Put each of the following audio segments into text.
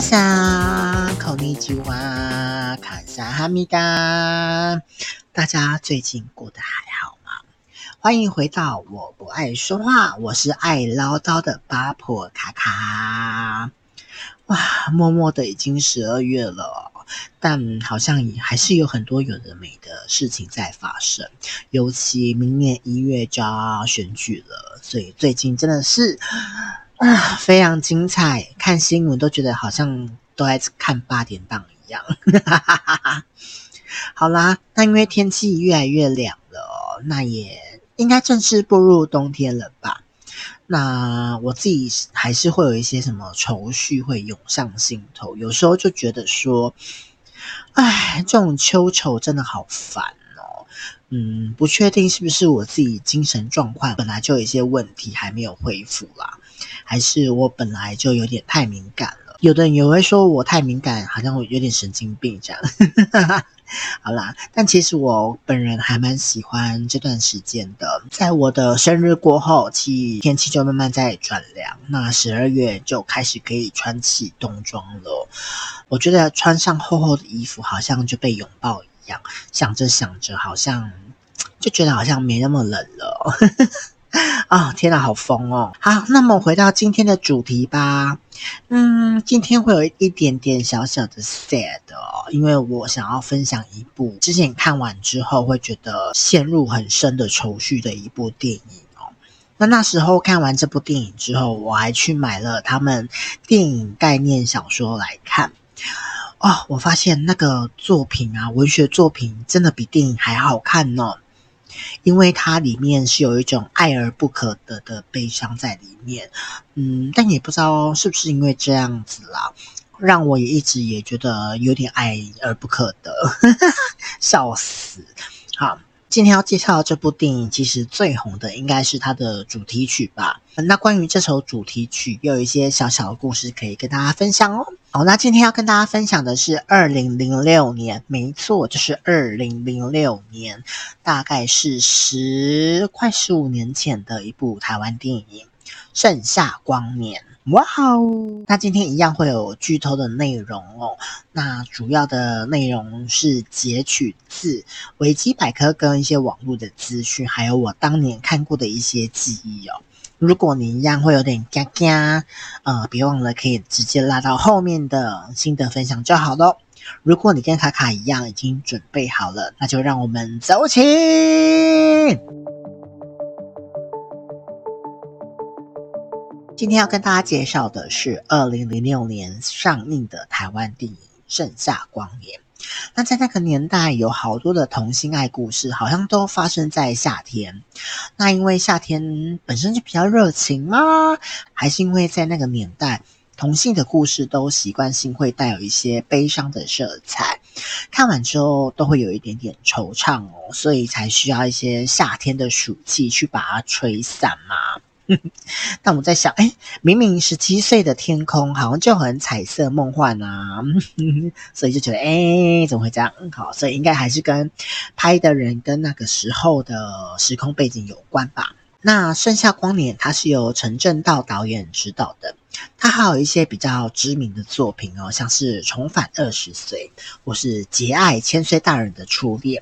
你看下哈密，大家最近過得還好嗎？歡迎回到我不愛說話，我是愛嘮叨的八婆卡卡。哇，默默的已經十二月了，但好像也還是有很多有的沒的事情在發生，尤其明年一月就要選舉了，所以最近真的是。啊、呃，非常精彩！看新聞都覺得好像都在看八點檔一樣。 好啦，那因為天氣越來越涼了、哦，那也應該正式步入冬天了吧？那我自己還是會有一些什麼愁緒會湧上心頭，有時候就覺得說，哎，這種秋愁真的好煩哦。嗯，不確定是不是我自己精神狀況本來就有一些問題，還沒有恢復啦、啊。還是我本來就有點太敏感了，有的人也會說我太敏感，好像我有點神經病這樣。 好啦，但其實我本人還蠻喜歡這段時間的。在我的生日過後，氣天氣就慢慢在轉涼，那十二月就開始可以穿起冬裝了。我覺得穿上厚厚的衣服，好像就被擁抱一樣。想着想着，好像就覺得好像沒那麼冷了。 啊、哦、天哪，好瘋哦！好，那麼回到今天的主題吧。嗯，今天會有一點點小小的 sad 哦，因為我想要分享一部之前看完之後會覺得陷入很深的愁緒的一部電影哦。那那時候看完這部電影之後，我還去買了他們電影概念小說來看。哦，我發現那個作品啊，文學作品真的比電影還好看呢、哦。因為它裡面是有一種愛而不可得的悲傷在裡面，嗯，但也不知道是不是因為這樣子啦，讓我也一直也覺得有點愛而不可得，呵呵，笑死，好。今天要介紹的這部電影，其實最紅的應該是它的主題曲吧。那關於這首主題曲，又有一些小小的故事可以跟大家分享哦。好，那今天要跟大家分享的是二零零六年，沒錯，就是二零零六年，大概是十快十五年前的一部台灣電影《盛夏光年》。哇哦！那今天一樣會有劇透的內容哦。那主要的內容是截取自維基百科跟一些網絡的資訊，還有我當年看過的一些記憶哦。如果你一樣會有點嘎嘎，呃，別忘了可以直接拉到後面的心得分享就好囉。如果你跟卡卡一樣已經準備好了，那就讓我們走起！今天要跟大家介紹的是二零零六年上映的台灣電影《盛夏光年》。那在那個年代，有好多的同性愛故事，好像都發生在夏天。那因為夏天本身就比較熱情嘛，還是因為在那個年代，同性的故事都習慣性會帶有一些悲傷的色彩，看完之後都會有一點點惆悵哦，所以才需要一些夏天的暑氣去把它吹散嘛。 但我們在想，哎，明明十七歲的天空好像就很彩色夢幻吶、啊， 所以就覺得，哎，怎麼會這樣？好，所以應該還是跟拍的人跟那個時候的時空背景有關吧。那《盛夏光年》它是由陳正道導演指導的，他還有一些比較知名的作品哦，像是《重返二十歲》或是《結愛千歲大人的初戀》。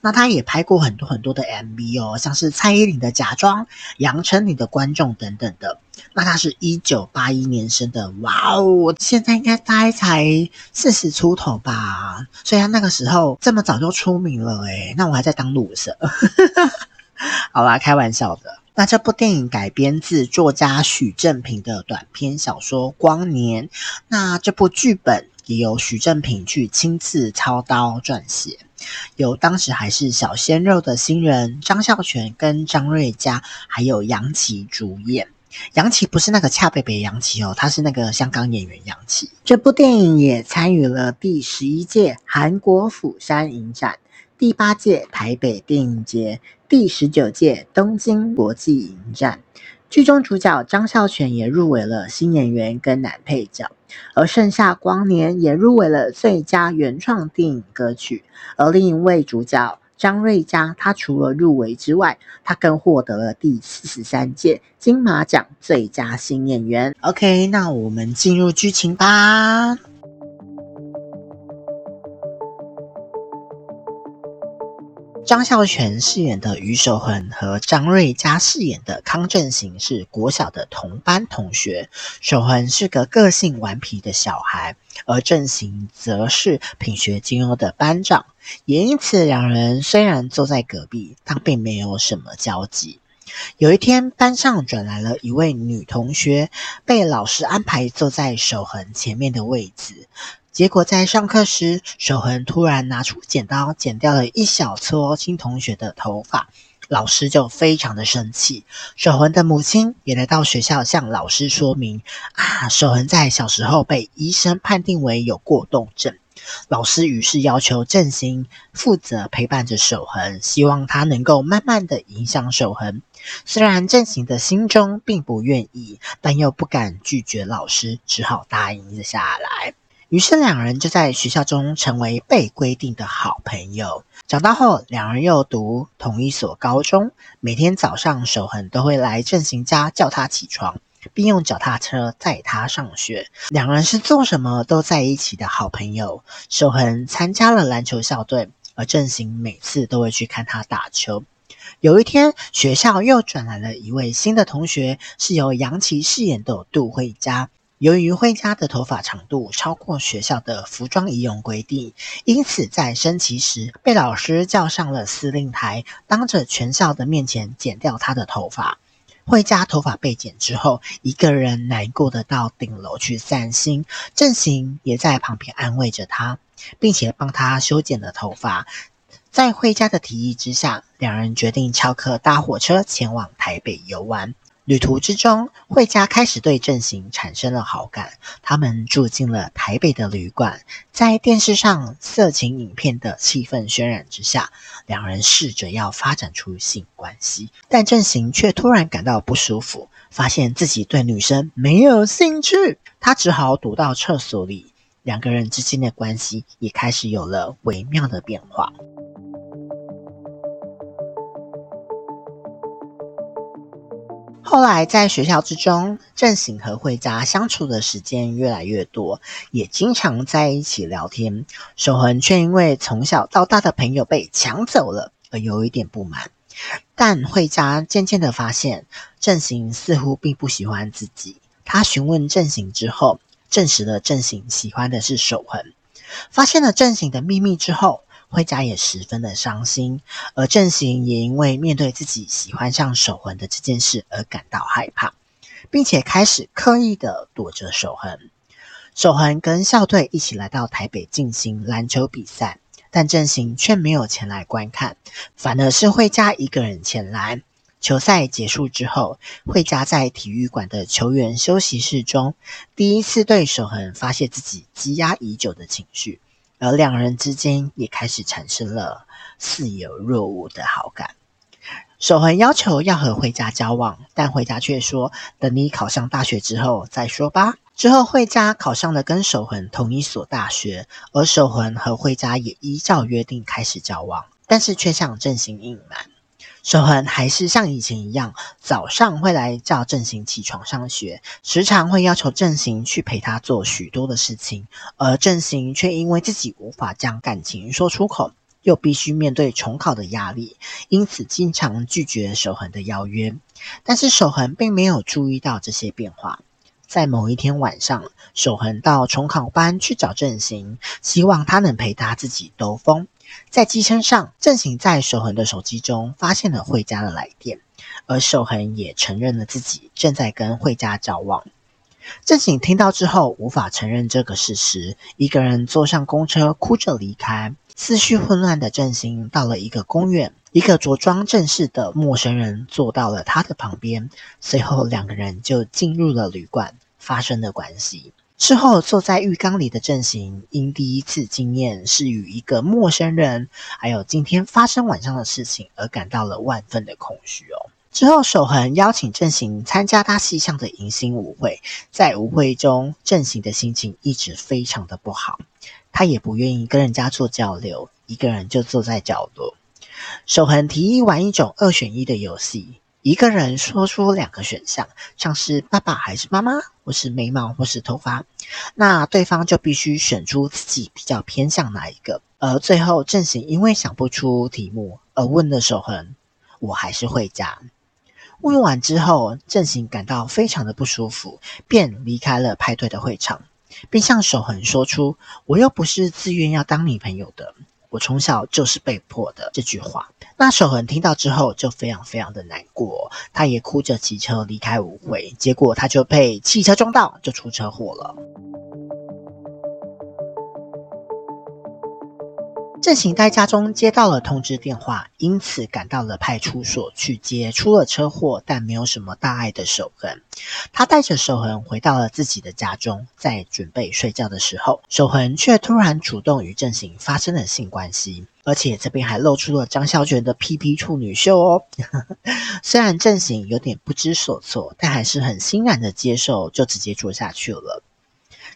那他也拍過很多很多的 MV 哦，像是蔡依林的假裝《假裝》、楊丞琳的《觀眾》等等的。那他是一九八一年生的，哇哦，現在應該大概才四十出頭吧？所以他那個時候這麼早就出名了，欸，誒，那我還在當魯蛇。 好啦，開玩笑的。那這部電影改編自作家許正平的短篇小說《光年》，那這部劇本也由許正平去親自操刀撰寫。由當時還是小鮮肉的新人張孝全跟張睿家，還有楊淇主演。楊淇不是那個恰北北楊淇哦，他是那個香港演員楊淇。這部電影也參與了第十一屆韓國釜山影展、第八屆台北電影節、第十九屆東京國際影展。劇中主角張孝全也入圍了新演員跟男配角。而《盛夏光年》也入圍了最佳原創電影歌曲，而另一位主角張睿家，他除了入圍之外，他更獲得了第四十三屆金馬獎最佳新演員。OK，那我們進入劇情吧。張孝全飾演的余守恆和張瑞嘉飾演的康正行是國小的同班同學。守恆是個個性頑皮的小孩，而正行則是品學兼優的班長。也因此，兩人雖然坐在隔壁，但並沒有什麼交集。有一天，班上轉來了一位女同學，被老師安排坐在守恆前面的位置。結果在上課時，守恆突然拿出剪刀剪掉了一小撮新同學的頭髮，老師就非常的生氣。守恆的母親也來到學校向老師說明：“啊，守恆在小時候被醫生判定為有過動症。”老師於是要求正行，負責陪伴着守恆，希望他能夠慢慢的影響守恆。雖然正行的心中並不願意，但又不敢拒絕老師，只好答應了下來。於是兩人就在學校中成為被規定的好朋友。長大後，兩人又讀同一所高中。每天早上，守恆都會來正行家叫他起床，並用腳踏車載他上學。兩人是做什麼都在一起的好朋友。守恆參加了籃球校隊，而正行每次都會去看他打球。有一天，學校又轉來了一位新的同學，是由楊淇飾演的杜慧嘉。由於慧嘉的頭髮長度超過學校的服裝儀容規定，因此在升旗時被老師叫上了司令台，當着全校的面前剪掉她的頭髮。慧嘉頭髮被剪之後，一個人難過地到頂樓去散心。正行也在旁邊安慰着她，並且幫她修剪了頭髮。在慧嘉的提議之下，兩人決定翹課搭火車前往台北遊玩。旅途之中，慧嘉開始對正行產生了好感。他們住進了台北的旅館，在電視上色情影片的氣氛渲染之下，兩人試着要發展出性關係，但正行卻突然感到不舒服，發現自己對女生沒有興趣，他只好躲到廁所裡。兩個人之間的關係也開始有了微妙的變化。後來在學校之中，正行和慧嘉相處的時間越來越多，也經常在一起聊天。守恆卻因為從小到大的朋友被搶走了，而有一點不滿。但慧嘉漸漸的發現，正行似乎並不喜歡自己。他詢問正行之後，證實了正行喜歡的是守恆。發現了正行的秘密之後，惠佳也十分的傷心，而正行也因為面對自己喜歡上守恆的這件事而感到害怕，並且開始刻意的躲着守恆。守恆跟校隊一起來到台北進行籃球比賽，但正行卻沒有前來觀看，反而是惠佳一個人前來。球賽結束之後，惠佳在體育館的球員休息室中，第一次對守恆發洩自己積壓已久的情緒。而兩人之間也開始產生了似有若無的好感。守恆要求要和慧嘉交往，但慧嘉卻說，等你考上大學之後再說吧。之後慧嘉考上了跟守恆同一所大學，而守恆和慧嘉也依照約定開始交往，但是卻向正行隱瞞。守恆還是像以前一樣，早上會來叫正行起床上學，時常會要求正行去陪他做許多的事情，而正行卻因為自己無法將感情說出口，又必須面對重考的壓力，因此經常拒絕守恆的邀約。但是守恆並沒有注意到這些變化。在某一天晚上，守恆到重考班去找正行，希望他能陪他自己兜風。在機身上，正行在守恆的手機中發現了慧嘉的來電，而守恆也承認了自己正在跟慧嘉交往。正行聽到之後，無法承認這個事實，一個人坐上公車，哭着離開。思緒混亂的正行到了一個公園，一個着裝正式的陌生人坐到了他的旁邊，隨後兩個人就進入了旅館，發生了關係。之後坐在浴缸裡的正行，因第一次經驗是與一個陌生人，還有今天發生晚上的事情而感到了萬分的空虛哦。之後守恆邀請正行參加他系上的迎新舞會，在舞會中正行的心情一直非常的不好，他也不願意跟人家做交流，一個人就坐在角落。守恆提議玩一種二選一的遊戲。一個人說出兩個選項，像是爸爸還是媽媽，或是眉毛或是頭髮，那對方就必須選出自己比較偏向哪一個。而最後，正行因為想不出題目而問了守恆，我還是會加。問完之後，正行感到非常的不舒服，便離開了派對的會場，並向守恆說出：“我又不是自願要當你朋友的。”我從小就是被迫的這句話，那守恆聽到之後就非常非常的難過，他也哭着騎車離開舞會，結果他就被汽車撞到，就出車禍了。正行在家中接到了通知電話，因此趕到了派出所去接出了車禍但沒有什麼大礙的守恆。他帶着守恆回到了自己的家中，在準備睡覺的時候，守恆卻突然主動與正行發生了性關係，而且這邊還露出了張孝全的屁屁處女秀哦。 雖然正行有點不知所措，但還是很欣然的接受，就直接做下去了。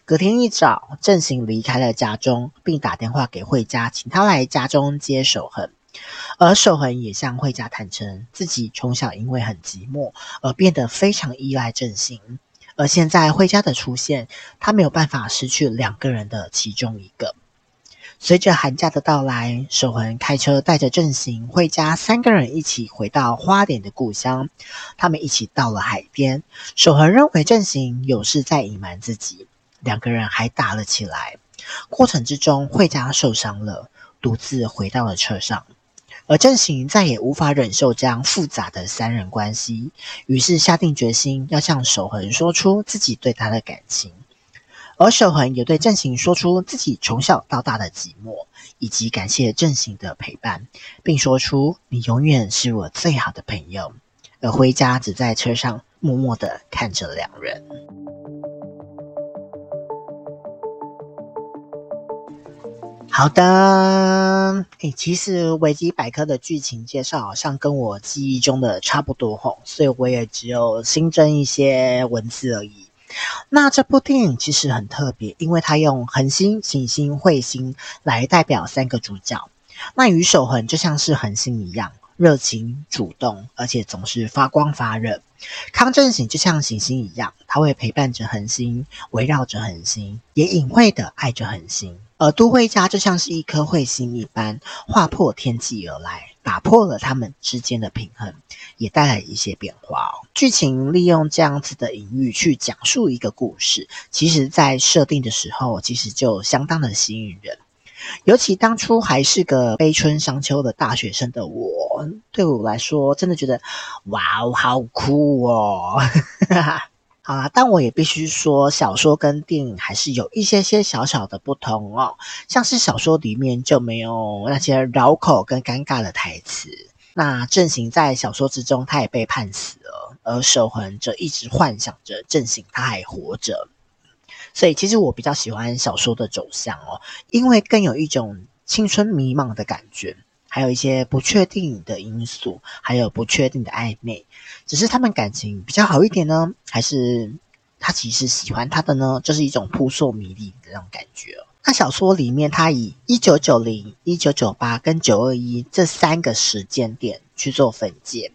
隔天一早，正行離開了家中，並打電話給慧佳，請他來家中接守恆。而守恆也向慧佳坦承，自己從小因為很寂寞而變得非常依賴正行。而現在慧佳的出現，他沒有辦法失去兩個人的其中一個。隨着寒假的到來，守恆開車帶着正行、慧佳三個人一起回到花蓮的故鄉。他們一起到了海邊，守恆認為正行有事在隱瞞自己。兩個人還打了起來，過程之中惠佳受傷了，獨自回到了車上。而正行再也無法忍受這樣複雜的三人關係，於是下定決心要向守恆說出自己對他的感情。而守恆也對正行說出自己從小到大的寂寞，以及感謝正行的陪伴，並說出“你永遠是我最好的朋友”。而惠佳只在車上默默地看着兩人。好的，誒、欸，其實維基百科的劇情介紹好像跟我記憶中的差不多哈，所以我也只有新增一些文字而已。那這部電影其實很特別，因為它用恆星、行星、彗星來代表三個主角。那余守恆就像是恆星一樣，熱情主動，而且總是發光發熱。康正行就像行星一樣，他會陪伴着恆星，圍繞着恆星，也隱晦的愛着恆星。而杜慧嘉就像是一顆彗星一般劃破天際而來，打破了他們之間的平衡，也帶來一些變化哦。劇情利用這樣子的隱喻去講述一個故事，其實在設定的時候其實就相當的吸引人。尤其當初還是個悲春傷秋的大學生的我，對我來說真的覺得哇哦，好酷哦！ 啊，但我也必須說，小說跟電影還是有一些些小小的不同哦。像是小說裡面就沒有那些繞口跟尷尬的台詞。那正行在小說之中，他也被判死了，而守恆則一直幻想着正行他還活着。所以，其實我比較喜歡小說的走向哦，因為更有一種青春迷茫的感覺，還有一些不確定的因素，還有不確定的曖昧。只是他們感情比較好一點呢，還是他其實喜歡他的呢？就是一種撲朔迷離的那種感覺。那小說裡面，他以一九九零、一九九八跟九二一這三個時間點去做分界。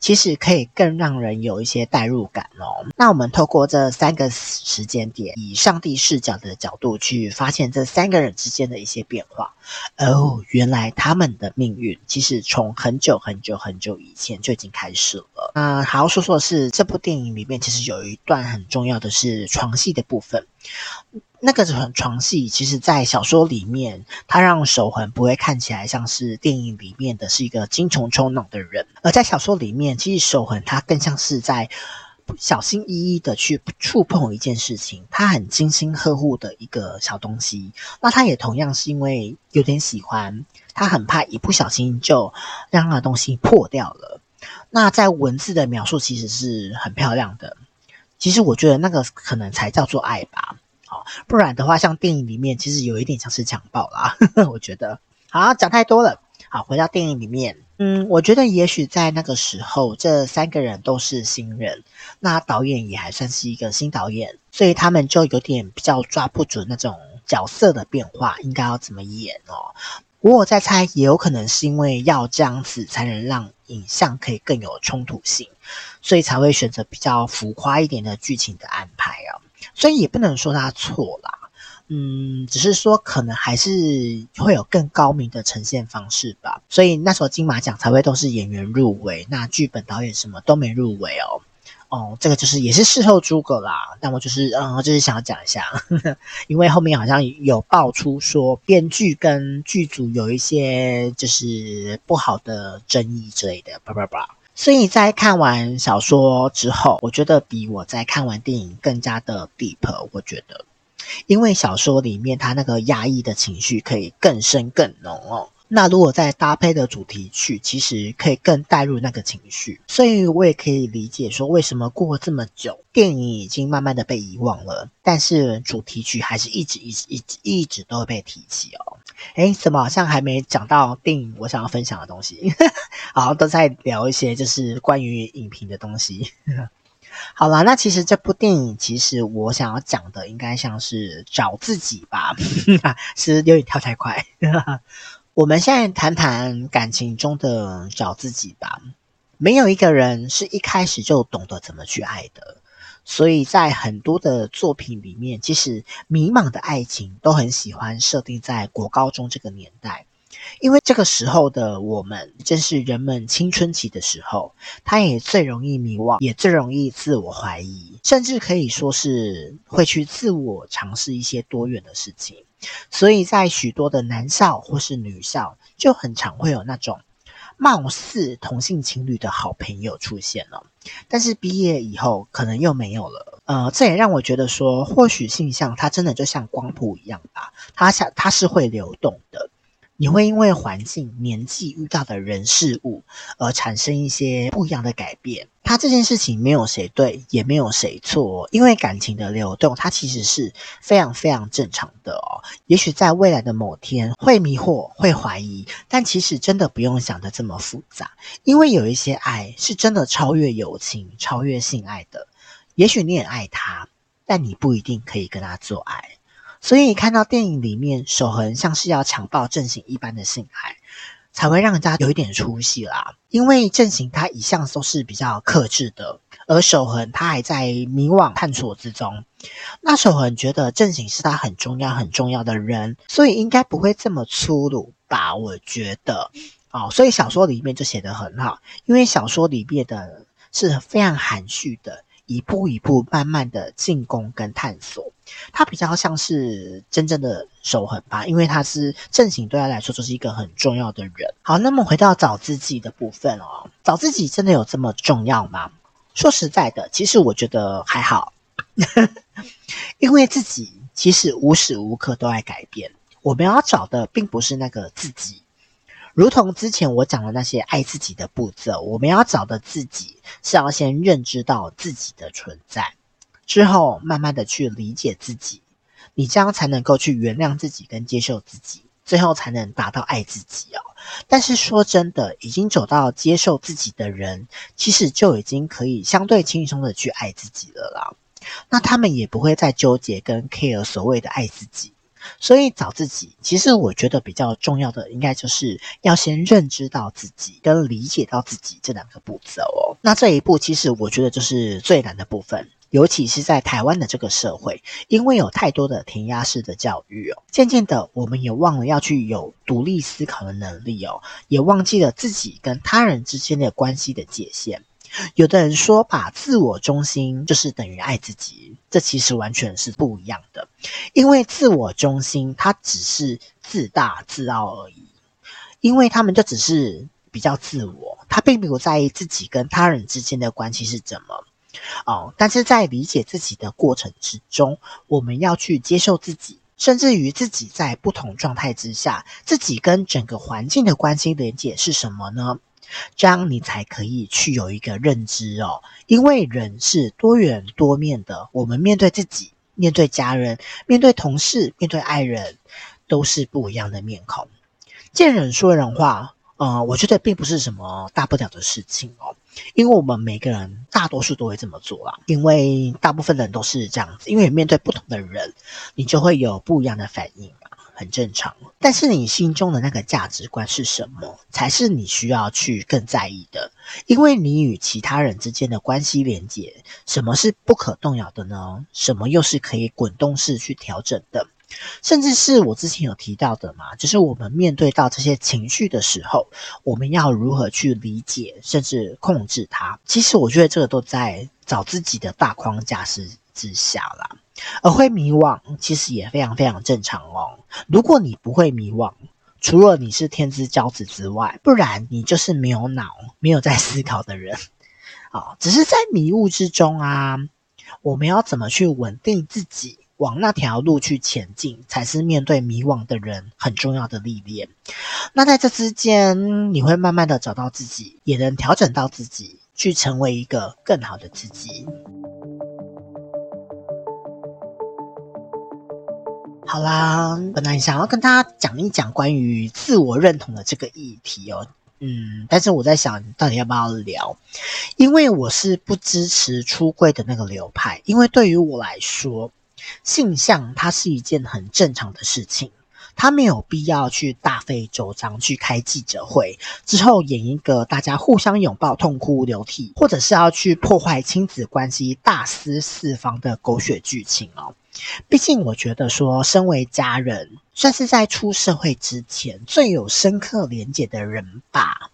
其實可以更讓人有一些代入感哦。那我們透過這三個時間點，以上帝視角的角度去發現這三個人之間的一些變化。哦，原來他們的命運其實從很久很久很久以前就已經開始了。那、呃、好，好說說的是，這部電影裡面其實有一段很重要的是床戲的部分。那個床床戲，其實，在小說裡面，他讓守恆不會看起來像是電影裡面的是一個精蟲衝腦的人，而在小說裡面，其實守恆他更像是在不小心翼翼的去觸碰一件事情，他很精心呵護的一個小東西。那他也同樣是因為有點喜歡，他很怕一不小心就讓那東西破掉了。那在文字的描述其實是很漂亮的。其實我覺得那個可能才叫做愛吧。好、哦，不然的話，像電影裡面其實有一點像是強暴啦，呵呵，我覺得。好，講太多了。好，回到電影裡面，嗯，我覺得也許在那個時候，這三個人都是新人，那導演也還算是一個新導演，所以他們就有點比較抓不准那種角色的變化應該要怎麼演哦。我在猜，也有可能是因為要這樣子才能讓影像可以更有衝突性，所以才會選擇比較浮誇一點的劇情的安排哦。所以也不能說他錯啦，嗯，只是說可能還是會有更高明的呈現方式吧。所以那時候金馬獎才會都是演員入圍，那劇本、導演什麼都沒入圍哦。哦，這個就是也是事後諸葛啦。但我就是，嗯，就是想要講一下呵呵，因為後面好像有爆出說編劇跟劇組有一些就是不好的爭議之類的，叭叭叭。所以，在看完小說之後，我覺得比我在看完電影更加的 deep。我覺得，因為小說裡面它那個壓抑的情緒可以更深更濃哦。那如果再搭配的主題曲，其實可以更帶入那個情緒。所以，我也可以理解說，為什麼過了這麼久，電影已經慢慢的被遺忘了，但是主題曲還是一直一直一直一直一直都會被提起哦。哎，怎麼好像還沒講到電影？我想要分享的東西， 好像都在聊一些就是關於影評的東西。 好啦，那其實這部電影，其實我想要講的應該像是找自己吧， 是有點跳太快。 我們現在談談感情中的找自己吧。沒有一個人是一開始就懂得怎麼去愛的。所以在很多的作品裡面，其實迷茫的愛情都很喜歡設定在國高中這個年代，因為這個時候的我們正是人們青春期的時候，他也最容易迷惘，也最容易自我懷疑，甚至可以說是會去自我嘗試一些多元的事情。所以在許多的男校或是女校，就很常會有那種，貌似同性情侶的好朋友出現了，但是畢業以後可能又沒有了。呃，這也讓我覺得說，或許性向它真的就像光譜一樣吧，它像，它是會流動的。你會因為環境、年紀遇到的人事物而產生一些不一樣的改變。他這件事情沒有誰對，也沒有誰錯，因為感情的流動，它其實是非常非常正常的哦。也許在未來的某天會迷惑、會懷疑，但其實真的不用想得這麼複雜，因為有一些愛是真的超越友情、超越性愛的。也許你很愛他，但你不一定可以跟他做愛。所以看到電影裡面守恆像是要強暴正行一般的性愛，才會讓人家有一點出戲啦。因為正行他一向都是比較克制的，而守恆他還在迷惘探索之中。那守恆覺得正行是他很重要很重要的人，所以應該不會這麼粗魯吧？我覺得，哦，所以小說裡面就寫得很好，因為小說裡面的是非常含蓄的，一步一步慢慢的進攻跟探索。他比較像是真正的守恆吧，因為他是正經。對他來說就是一個很重要的人。好，那麼回到找自己的部分哦，找自己真的有這麼重要嗎？說實在的，其實我覺得還好， 因為自己其實無時無刻都在改變。我們要找的並不是那個自己，如同之前我講的那些愛自己的步驟，我們要找的自己是要先認知到自己的存在。之後，慢慢的去理解自己，你這樣才能夠去原諒自己跟接受自己，最後才能達到愛自己哦。但是說真的，已經走到接受自己的人，其實就已經可以相對輕鬆的去愛自己了啦。那他們也不會再糾結跟 care 所謂的愛自己。所以找自己，其實我覺得比較重要的，應該就是要先認知到自己跟理解到自己這兩個步驟哦。那這一步，其實我覺得就是最難的部分。尤其是在台灣的這個社會，因為有太多的填鴨式的教育哦，漸漸的我們也忘了要去有獨立思考的能力哦，也忘記了自己跟他人之間的關係的界限。有的人說，把自我中心就是等於愛自己，這其實完全是不一樣的。因為自我中心，它只是自大自傲而已，因為他們就只是比較自我，他並沒有在意自己跟他人之間的關係是怎麼。哦，但是在理解自己的過程之中，我們要去接受自己，甚至於自己在不同狀態之下，自己跟整個環境的關心連接是什麼呢？這樣你才可以去有一個認知哦。因為人是多元多面的，我們面對自己、面對家人、面對同事、面對愛人，都是不一樣的面孔。見人說人話，呃，我覺得並不是什麼大不了的事情哦。因為我們每個人大多數都會這麼做啦，啊，因為大部分人都是這樣子。因為面對不同的人，你就會有不一樣的反應，啊，很正常。但是你心中的那個價值觀是什麼，才是你需要去更在意的。因為你與其他人之間的關係連接，什麼是不可動搖的呢？什麼又是可以滾動式去調整的？甚至是我之前有提到的嘛，就是我們面對到這些情緒的時候，我們要如何去理解，甚至控制它。其實我覺得這個都在找自己的大框架之下啦，而會迷惘，其實也非常非常正常哦。如果你不會迷惘，除了你是天之驕子之外，不然你就是沒有腦、沒有在思考的人啊。只是在迷霧之中啊，我們要怎麼去穩定自己？往那條路去前進，才是面對迷惘的人很重要的歷練。那在這之間，你會慢慢的找到自己，也能調整到自己，去成為一個更好的自己。好啦，本來想要跟大家講一講關於自我認同的這個議題哦、喔，嗯，但是我在想到底要不要聊，因為我是不支持出櫃的那個流派，因為對於我來說。性向它是一件很正常的事情，它沒有必要去大費周章去開記者會，之後演一個大家互相擁抱痛哭流涕，或者是要去破壞親子關係大撕四方的狗血劇情哦。畢竟我覺得說，身為家人，算是在出社會之前最有深刻連結的人吧。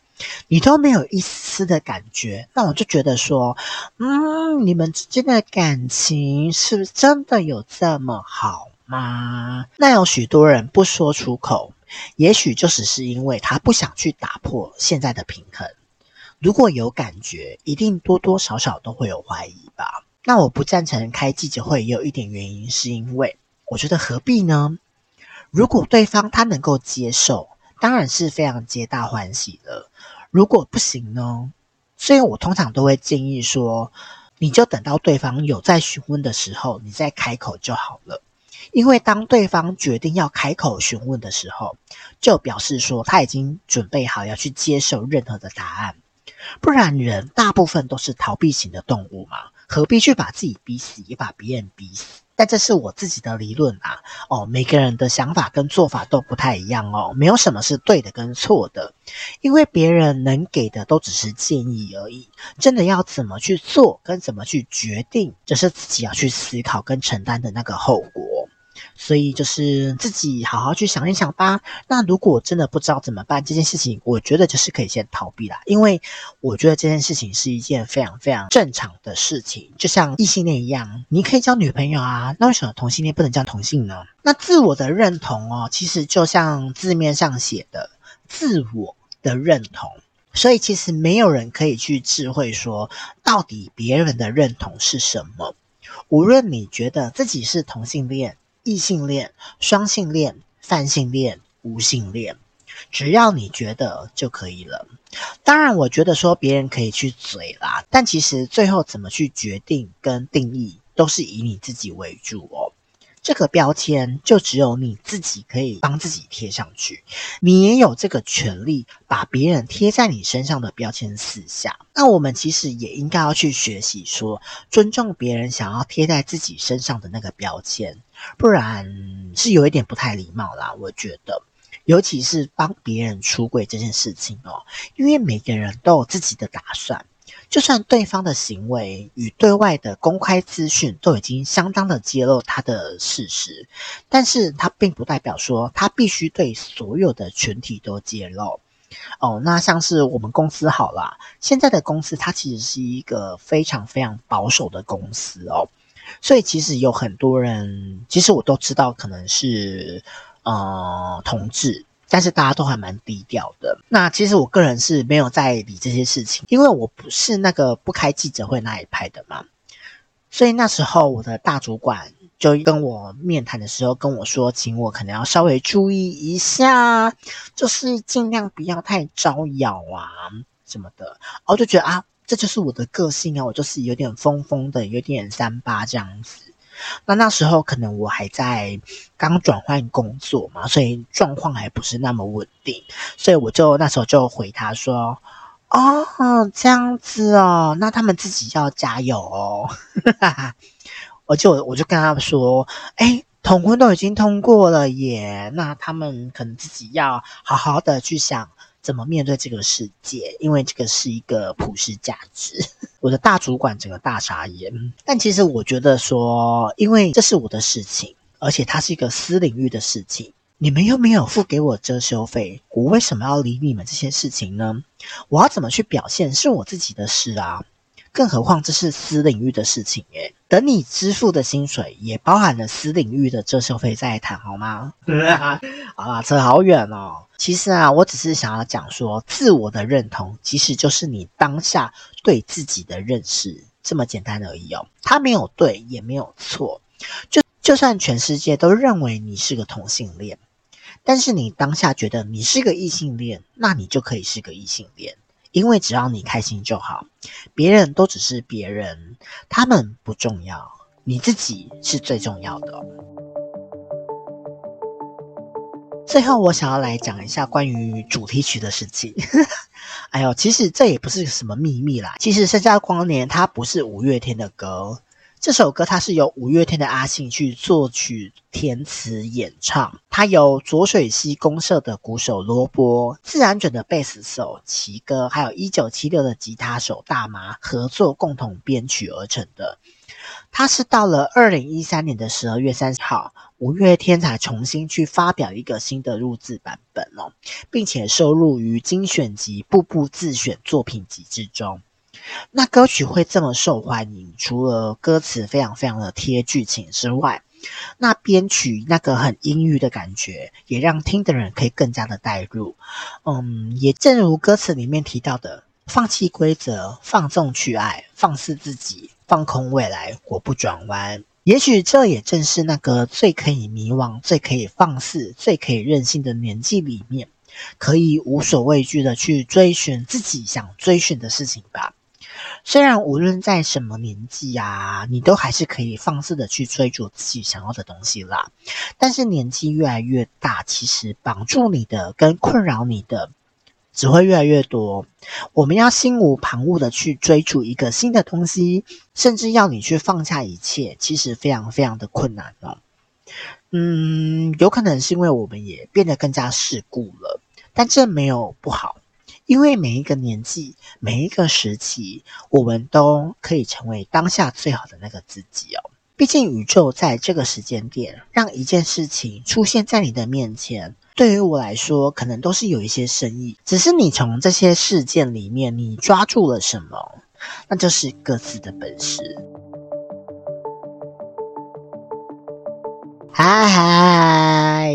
你都沒有一絲的感覺，那我就覺得說，嗯，你們之間的感情是不是真的有這麼好嗎？那有許多人不說出口，也許就只是因為他不想去打破現在的平衡。如果有感覺，一定多多少少都會有懷疑吧。那我不贊成開記者會，也有一點原因，是因為我覺得何必呢？如果對方他能夠接受，當然是非常皆大歡喜的。如果不行呢？所以我通常都會建議說，你就等到對方有在詢問的時候，你再開口就好了。因為當對方決定要開口詢問的時候，就表示說他已經準備好要去接受任何的答案。不然，人大部分都是逃避型的動物嘛，何必去把自己逼死，也把別人逼死？但這是我自己的理論啊！哦，每個人的想法跟做法都不太一樣哦，沒有什麼是對的跟錯的，因為別人能給的都只是建議而已。真的要怎麼去做跟怎麼去決定，這、就是自己要去思考跟承擔的那個後果。所以就是自己好好去想一想吧。那如果真的不知道怎麼辦，這件事情，我覺得就是可以先逃避啦。因為我覺得這件事情是一件非常非常正常的事情，就像異性戀一樣，你可以交女朋友啊。那為什麼同性戀不能交同性呢？那自我的認同哦，其實就像字面上寫的，自我的認同。所以其實沒有人可以去置喙說到底別人的認同是什麼。無論你覺得自己是同性戀，異性戀、雙性戀、泛性戀、無性戀，只要你覺得就可以了。當然，我覺得說別人可以去嘴啦，但其實最後怎麼去決定跟定義，都是以你自己為主哦、喔。這個標籤就只有你自己可以幫自己貼上去，你也有這個權利把別人貼在你身上的標籤撕下。那我們其實也應該要去學習說尊重別人想要貼在自己身上的那個標籤，不然是有一點不太禮貌啦。我覺得，尤其是幫別人出櫃這件事情哦，因為每個人都有自己的打算。就算對方的行為與對外的公開資訊都已經相當的揭露他的事實，但是他並不代表說他必須對所有的群體都揭露哦。那像是我們公司好啦，現在的公司它其實是一個非常非常保守的公司哦，所以其實有很多人，其實我都知道可能是呃同志。但是大家都還蠻低調的。那其實我個人是沒有在理這些事情，因為我不是那個不開記者會那一派的嘛。所以那時候我的大主管就跟我面談的時候跟我說，請我可能要稍微注意一下，就是盡量不要太招搖啊什麼的。然後就覺得啊，這就是我的個性啊，我就是有點瘋瘋的，有點三八這樣子。那那時候可能我還在剛轉換工作嘛，所以狀況還不是那麼穩定，所以我就那時候就回他說：“哦，這樣子哦，那他們自己要加油哦。 ”哈哈，我就我就跟他說：“哎、欸，同婚都已經通過了耶，那他們可能自己要好好的去想。”怎麼面對這個世界？因為這個是一個普世價值。我的大主管整個大傻眼。但其實我覺得說，因為這是我的事情，而且它是一個私領域的事情，你們又沒有付給我遮羞費，我為什麼要理你們這些事情呢？我要怎麼去表現是我自己的事啊，更何況這是私領域的事情誒、欸。等你支付的薪水也包含了私領域的遮羞費再談好嗎？ 啊，扯好遠哦！其實啊，我只是想要講說，自我的認同其實就是你當下對自己的認識，這麼簡單而已哦。他沒有對，也沒有錯。就就算全世界都認為你是個同性戀，但是你當下覺得你是個異性戀，那你就可以是個異性戀，因為只要你開心就好。別人都只是別人，他們不重要，你自己是最重要的。最後，我想要來講一下關於主題曲的事情。 哎呦，其實這也不是什麼秘密啦。其實《盛夏光年》它不是五月天的歌，這首歌它是由五月天的阿信去作曲、填詞、演唱，它由濁水溪公社的鼓手蘿蔔、自然卷的貝斯手奇哥，還有一九七六的吉他手大麻合作共同編曲而成的。他是到了二零一三年的十二月三十號，五月天才重新去發表一個新的錄製版本哦，並且收錄於精選集《步步自選作品集》之中。那歌曲會這麼受歡迎，除了歌詞非常非常的貼劇情之外，那編曲那個很陰鬱的感覺，也讓聽的人可以更加的帶入。嗯，也正如歌詞裡面提到的，放棄規則，放縱去愛，放肆自己。放空未來，我不轉彎。也許這也正是那個最可以迷惘、最可以放肆、最可以任性的年紀裡面，可以無所畏懼的去追尋自己想追尋的事情吧。雖然無論在什麼年紀呀、啊，你都還是可以放肆的去追逐自己想要的東西啦。但是年紀越來越大，其實綁住你的跟困擾你的，只會越來越多，我們要心無旁騖的去追逐一個新的東西，甚至要你去放下一切，其實非常非常的困難哦。嗯，有可能是因為我們也變得更加世故了，但這沒有不好，因為每一個年紀，每一個時期，我們都可以成為當下最好的那個自己哦。畢竟宇宙在這個時間點讓一件事情出現在你的面前，對於我來說可能都是有一些深意。只是你從這些事件裡面你抓住了什麼，那就是各自的本事。嗨嗨，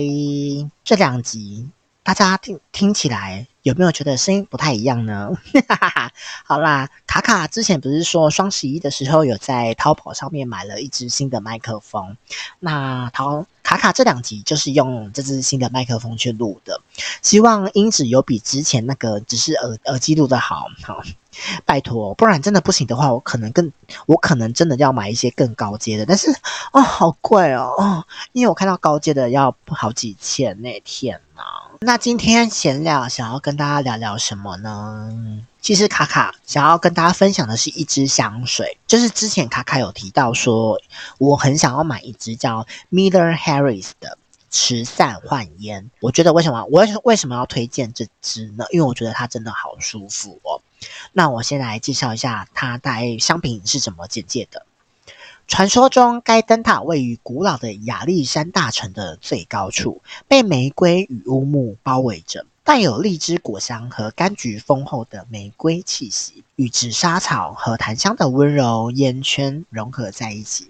這兩集大家聽聽起來有沒有覺得聲音不太一樣呢？哈哈哈，好啦，卡卡之前不是說雙十一的時候有在淘寶上面買了一只新的麥克風，那淘卡卡這兩集就是用這只新的麥克風去錄的，希望音質有比之前那個只是耳耳機錄的好，好拜托，不然真的不行的話，我可能更我可能真的要買一些更高階的，但是哦，好貴哦哦，因為我看到高階的要好幾千，那天。那今天閒聊，想要跟大家聊聊什麼呢？其實卡卡想要跟大家分享的是一支香水，就是之前卡卡有提到說，我很想要買一支叫 Miller Harris 的慈善煥煙。我覺得為什麼我為什麼為什麼要推薦這支呢？因為我覺得它真的好舒服哦。那我先來介紹一下它在香商品是怎麼簡介的。傳說中，該燈塔位於古老的亞歷山大城的最高處，被玫瑰與烏木包圍着，帶有荔枝果香和柑橘豐厚的玫瑰氣息，與紫砂草和檀香的溫柔煙圈融合在一起。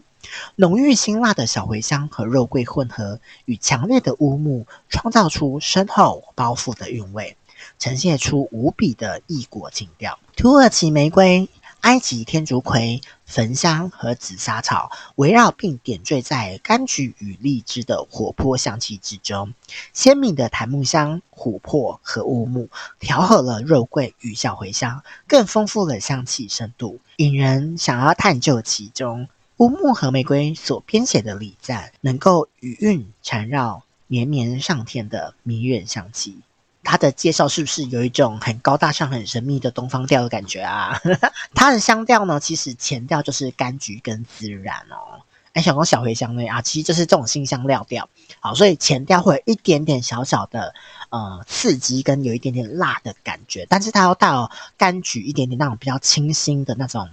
濃郁辛辣的小茴香和肉桂混合，與強烈的烏木創造出深厚包覆的韻味，呈現出無比的異國情調。土耳其玫瑰。埃及天竺葵、焚香和紫砂草圍繞並點綴在柑橘與荔枝的活潑香氣之中，鮮明的檀木香、琥珀和烏木調和了肉桂與小茴香，更豐富了香氣深度，引人想要探究其中。烏木和玫瑰所編寫的禮讚，能夠餘韻纏繞，綿綿上天的迷悅香氣。它的介紹是不是有一種很高大上、很神秘的東方調的感覺啊？ 它的香調呢，其實前調就是柑橘跟孜然哦。哎，想說小茴香呢啊，其實就是這種辛香料調。好，所以前調會有一點點小小的呃刺激，跟有一點點辣的感覺，但是它又帶有柑橘一點點那種比較清新的那種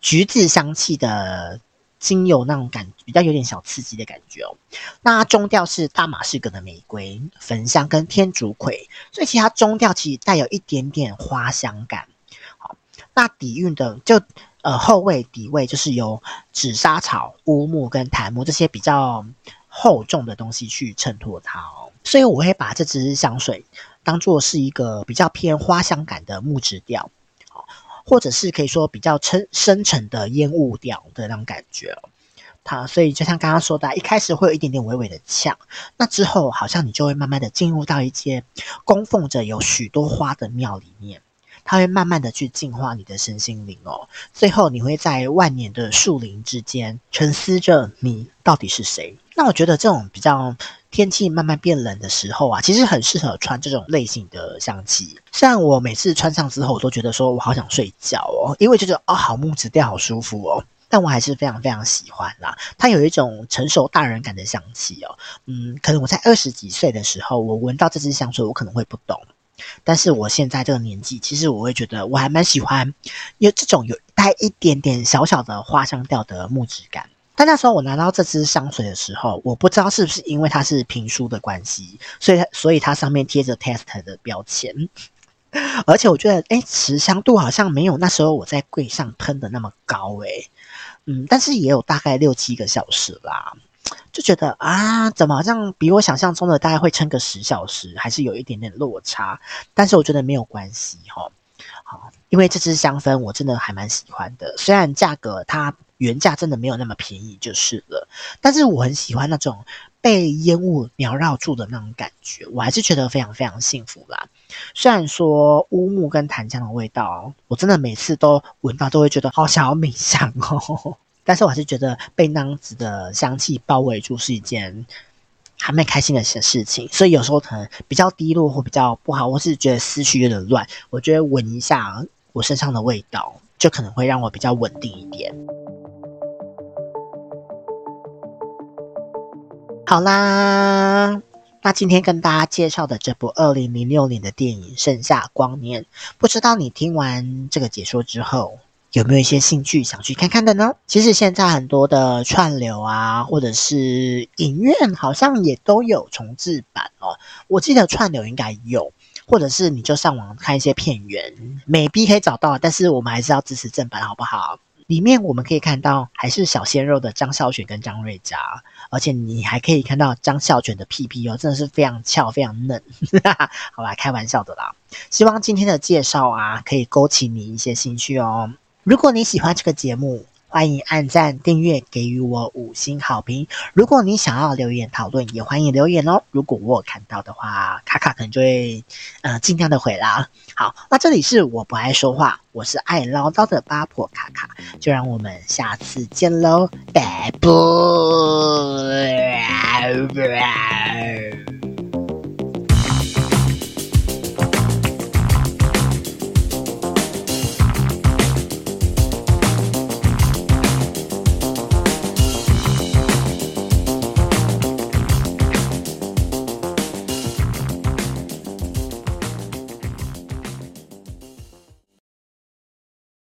橘子香氣的。精油那種感覺比較有點小刺激的感覺哦。那中調是大馬士革的玫瑰焚香跟天竺葵，所以其他中調其實帶有一點點花香感。好，那底蘊的就呃後味底味就是由紫砂草、烏木跟檀木這些比較厚重的東西去襯托它哦。所以我會把這支香水當做是一個比較偏花香感的木質調。或者是可以說比較深深沉的煙霧調的那種感覺哦，好，所以就像剛剛說的，一開始會有一點點微微的嗆，那之後好像你就會慢慢的進入到一間供奉着有許多花的廟裡面，它會慢慢的去淨化你的身心靈哦，最後你會在萬年的樹林之間沉思着你到底是誰，那我覺得這種比較。天氣慢慢變冷的時候啊，其實很適合穿這種類型的香氣。像我每次穿上之後，我都覺得說我好想睡覺哦，因為就覺得喔，好木質調好舒服哦。但我還是非常非常喜歡啦，它有一種成熟大人感的香氣哦。嗯，可能我在二十幾歲的時候，我聞到這支香水，我可能會不懂。但是我現在這個年紀，其實我會覺得我還蠻喜歡，有這種有帶一點點小小的花香調的木質感。但那時候我拿到這支香水的時候，我不知道是不是因為它是平輸的關係，所以它所以它上面貼着 test 的標籤， 而且我覺得誒，持香度好像沒有那時候我在櫃上噴的那麼高誒、欸，嗯，但是也有大概六七個小時啦，就覺得啊，怎麼好像比我想象中的大概會撐個十小時，還是有一點點落差，但是我覺得沒有關係哈、哦，好，因為這支香氛我真的還蠻喜歡的，雖然價格它。原價真的沒有那麼便宜，就是了。但是我很喜歡那種被煙霧繚繞住的那種感覺，我還是覺得非常非常幸福啦。雖然說烏木跟檀香的味道，我真的每次都聞到都會覺得好想要冥想哦。但是我還是覺得被那樣子的香氣包圍住是一件還蠻開心的一些事情。所以有時候可能比較低落或比較不好，或是覺得思緒有點亂，我覺得聞一下我身上的味道，就可能會讓我比較穩定一點。好啦，那今天跟大家介紹的這部二零零六年的電影《盛夏光年》，不知道你聽完這個解說之後，有沒有一些興趣想去看看的呢？其實現在很多的串流啊，或者是影院好像也都有重製版哦。我記得串流應該有，或者是你就上網看一些片源，maybe 可以找到。但是我們還是要支持正版，好不好？裡面我們可以看到，還是小鮮肉的張孝全跟張睿家。而且你還可以看到張孝全的屁屁哦，真的是非常翹、非常嫩，哈哈，好吧，開玩笑的啦。希望今天的介紹啊，可以勾起你一些興趣哦。如果你喜歡這個節目，歡迎按讚訂閱，給予我五星好評。如果你想要留言討論，也歡迎留言哦。如果我有看到的話，卡卡可能就會呃盡量的回啦。好，那這裡是我不愛說話，我是愛嘮叨的八婆卡卡，就讓我們下次見嘍，拜拜。